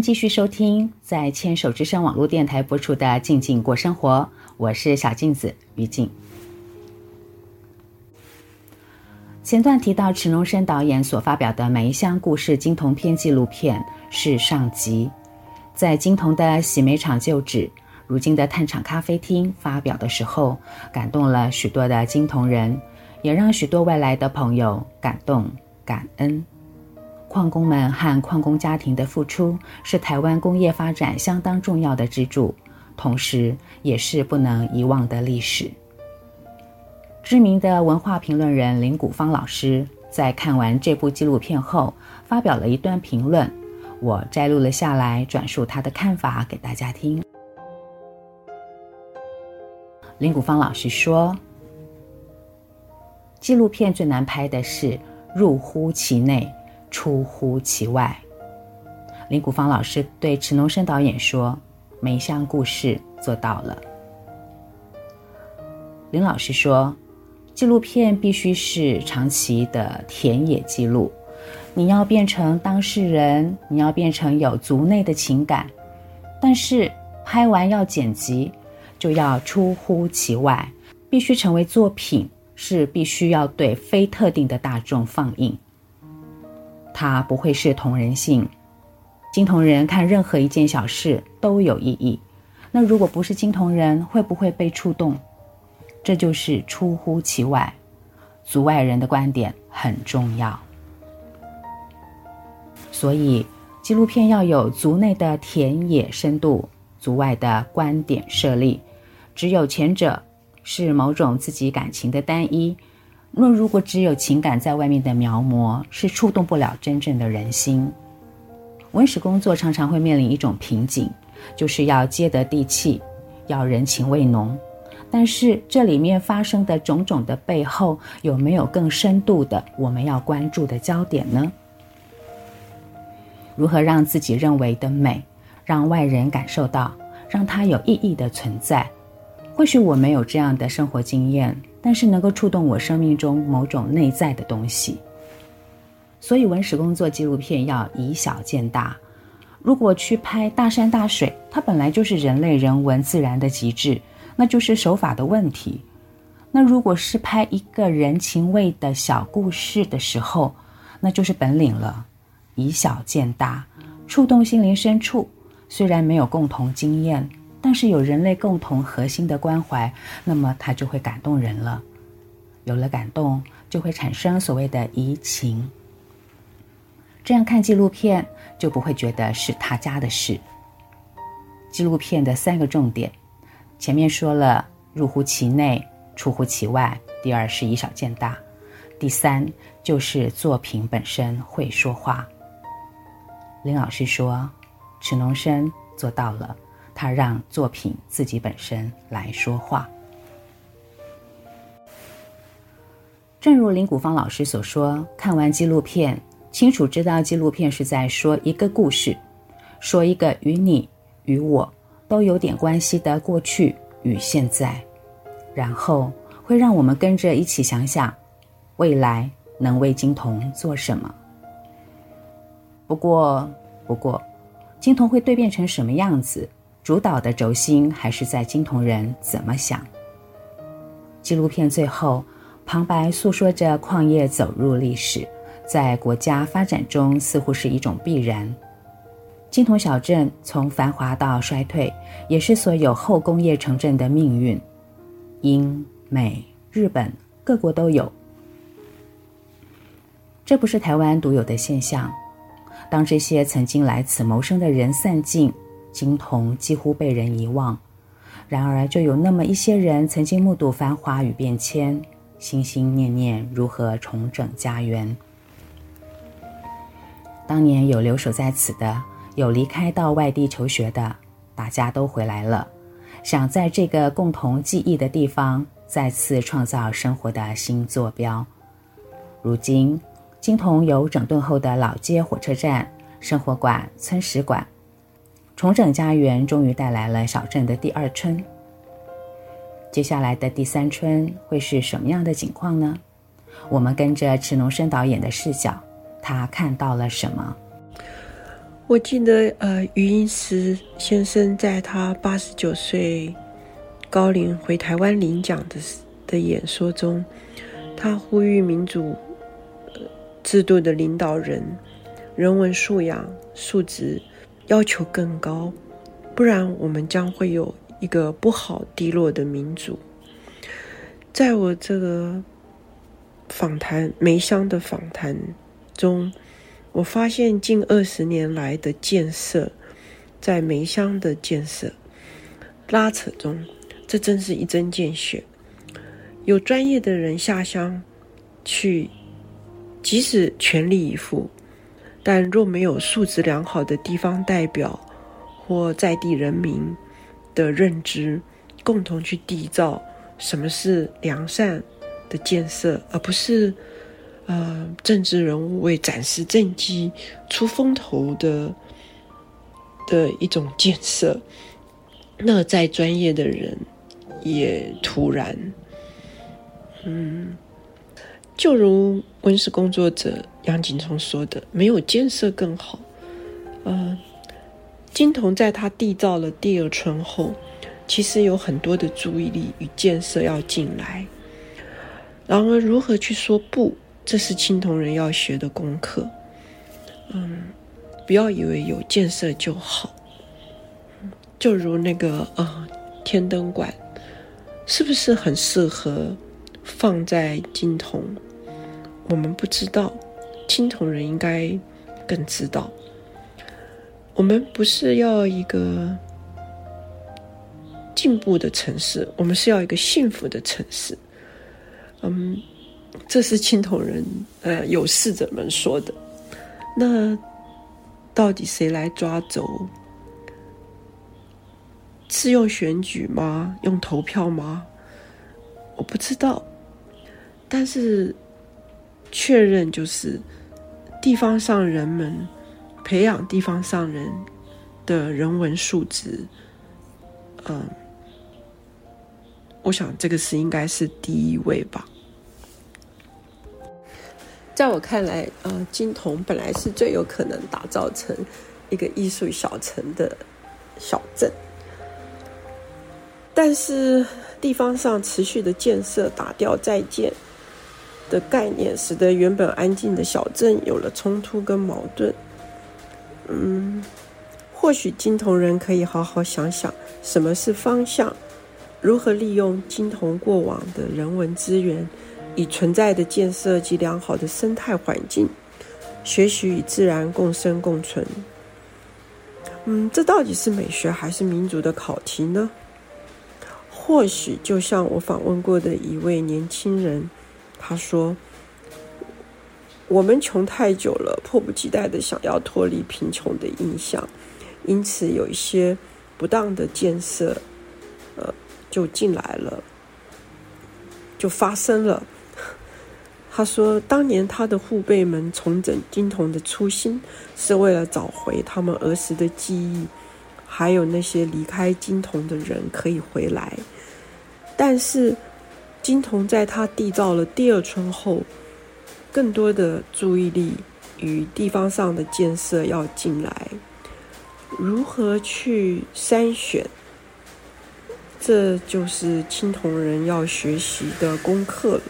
繼續收聽在牽手之聲網絡電台播出的《靜靜過生活》，我是小鏡子於靜。前段提到池農深導演所發表的《梅香故事》金銅片紀錄片是上集，在金銅的洗煤廠舊址，如今的炭廠咖啡廳發表的時候，感動了許多的金銅人，也讓許多外來的朋友感動感恩。礦工們和礦工家庭的付出是台灣工業發展相當重要的支柱，同時也是不能遺忘的歷史。知名的文化評論人林谷芳老師在看完這部紀錄片後，發表了一段評論，我摘錄了下來，轉述他的看法給大家聽。林谷芳老師說：“紀錄片最難拍的是入乎其內。”出乎其外，林谷芳老師對池農深導演說：“梅香故事做到了。”林老師說：“紀錄片必須是長期的田野記錄，你要變成當事人，你要變成有族內的情感，但是拍完要剪輯，就要出乎其外，必須成為作品，是必須要對非特定的大眾放映。”它不會是同人性，金童人看任何一件小事都有意義。那如果不是金童人，會不會被觸動？這就是出乎其外，族外人的觀點很重要。所以紀錄片要有族內的田野深度，族外的觀點設立。只有前者是某種自己感情的單一。那如果只有情感在外面的描摹，是觸動不了真正的人心。文史工作常常會面臨一種瓶頸，就是要接得地氣，要人情味濃。但是這裡面發生的種種的背後，有沒有更深度的我們要關注的焦點呢？如何讓自己認為的美，讓外人感受到，讓它有意義的存在？或許我沒有這樣的生活經驗。但是能夠觸動我生命中某種內在的東西，所以文史工作紀錄片要以小見大。如果去拍大山大水，它本來就是人類人文自然的極致，那就是手法的問題。那如果是拍一個人情味的小故事的時候，那就是本領了。以小見大，觸動心靈深處，雖然沒有共同經驗。但是有人類共同核心的關懷，那麼他就會感動人了。有了感動，就會產生所謂的移情。這樣看紀錄片，就不會覺得是他家的事。紀錄片的三個重點，前面說了，入乎其內，出乎其外。第二是以小見大。第三就是作品本身會說話。林老師說，池農深做到了。他讓作品自己本身來說話，正如林谷芳老師所說：“看完紀錄片，清楚知道紀錄片是在說一個故事，說一個與你與我都有點關係的過去與現在，然後會讓我們跟着一起想想未來能為金童做什麼。”不過，不過，金童會蛻變成什麼樣子？主導的軸心還是在金銅人怎麼想？紀錄片最後，旁白訴說着礦業走入歷史，在國家發展中似乎是一種必然。金銅小鎮從繁華到衰退，也是所有後工業城鎮的命運。英、美、日本各國都有，這不是台灣獨有的現象。當這些曾經來此謀生的人散盡。菁桐幾乎被人遺忘，然而就有那麼一些人曾經目睹繁華與變遷，心心念念如何重整家園。當年有留守在此的，有離開到外地求學的，大家都回來了，想在這個共同記憶的地方再次創造生活的新坐標。如今，菁桐有整頓後的老街火車站、生活館、村史館。重整家園終於帶來了小鎮的第二春。接下來的第三春會是什麼樣的情況呢？我們跟着池農深導演的視角，他看到了什麼？我記得，呃，余英時先生在他八十九歲高齡回台灣領獎的的演說中，他呼籲民主制度的領導人人文素養素質。要求更高，不然我們將會有一個不好低落的民族。在我這個訪談梅鄉的訪談中，我發現近二十年來的建設，在梅鄉的建設拉扯中，這真是一針見血。有專業的人下鄉去，即使全力以赴，但若沒有素質良好的地方代表或在地人民的認知，共同去締造什麼是良善的建設，而不是呃政治人物為展示政績出風頭的的一種建設，那再專業的人也徒然，嗯，就如文史工作者。楊景聰說的「沒有建設更好」，嗯、呃，金童在他締造了第二春後，其實有很多的注意力與建設要進來。然而，如何去說不，這是青銅人要學的功課。嗯，不要以為有建設就好。就如那個呃天燈館，是不是很適合放在金童？我們不知道。青銅人應該更知道，我們不是要一個進步的城市，我們是要一個幸福的城市。嗯，這是青銅人呃有事者們說的。那到底誰來抓走？是用選舉嗎？用投票嗎？我不知道。但是確認就是，地方上人們培養地方上人的人文素質，嗯，我想這個是應該是第一位吧。在我看來，呃，金童本來是最有可能打造成一個藝術小城的小鎮，但是地方上持續的建設、打掉、再建。的概念，使得原本安靜的小鎮有了衝突跟矛盾。嗯，或許金童人可以好好想想，什麼是方向，如何利用金童過往的人文資源，以存在的建設及良好的生態環境，學習與自然共生共存。嗯，這到底是美學還是民族的考題呢？或許就像我訪問過的一位年輕人。他說：“我們窮太久了，迫不及待的想要脫離貧窮的印象，因此有一些不當的建設，呃，就進來了，就發生了。”他說：“當年他的父輩們重整金童的初心，是為了找回他們兒時的記憶，還有那些離開金童的人可以回來，但是。”青銅在他締造了第二春後，更多的注意力與地方上的建設要進來，如何去篩選，這就是青銅人要學習的功課了。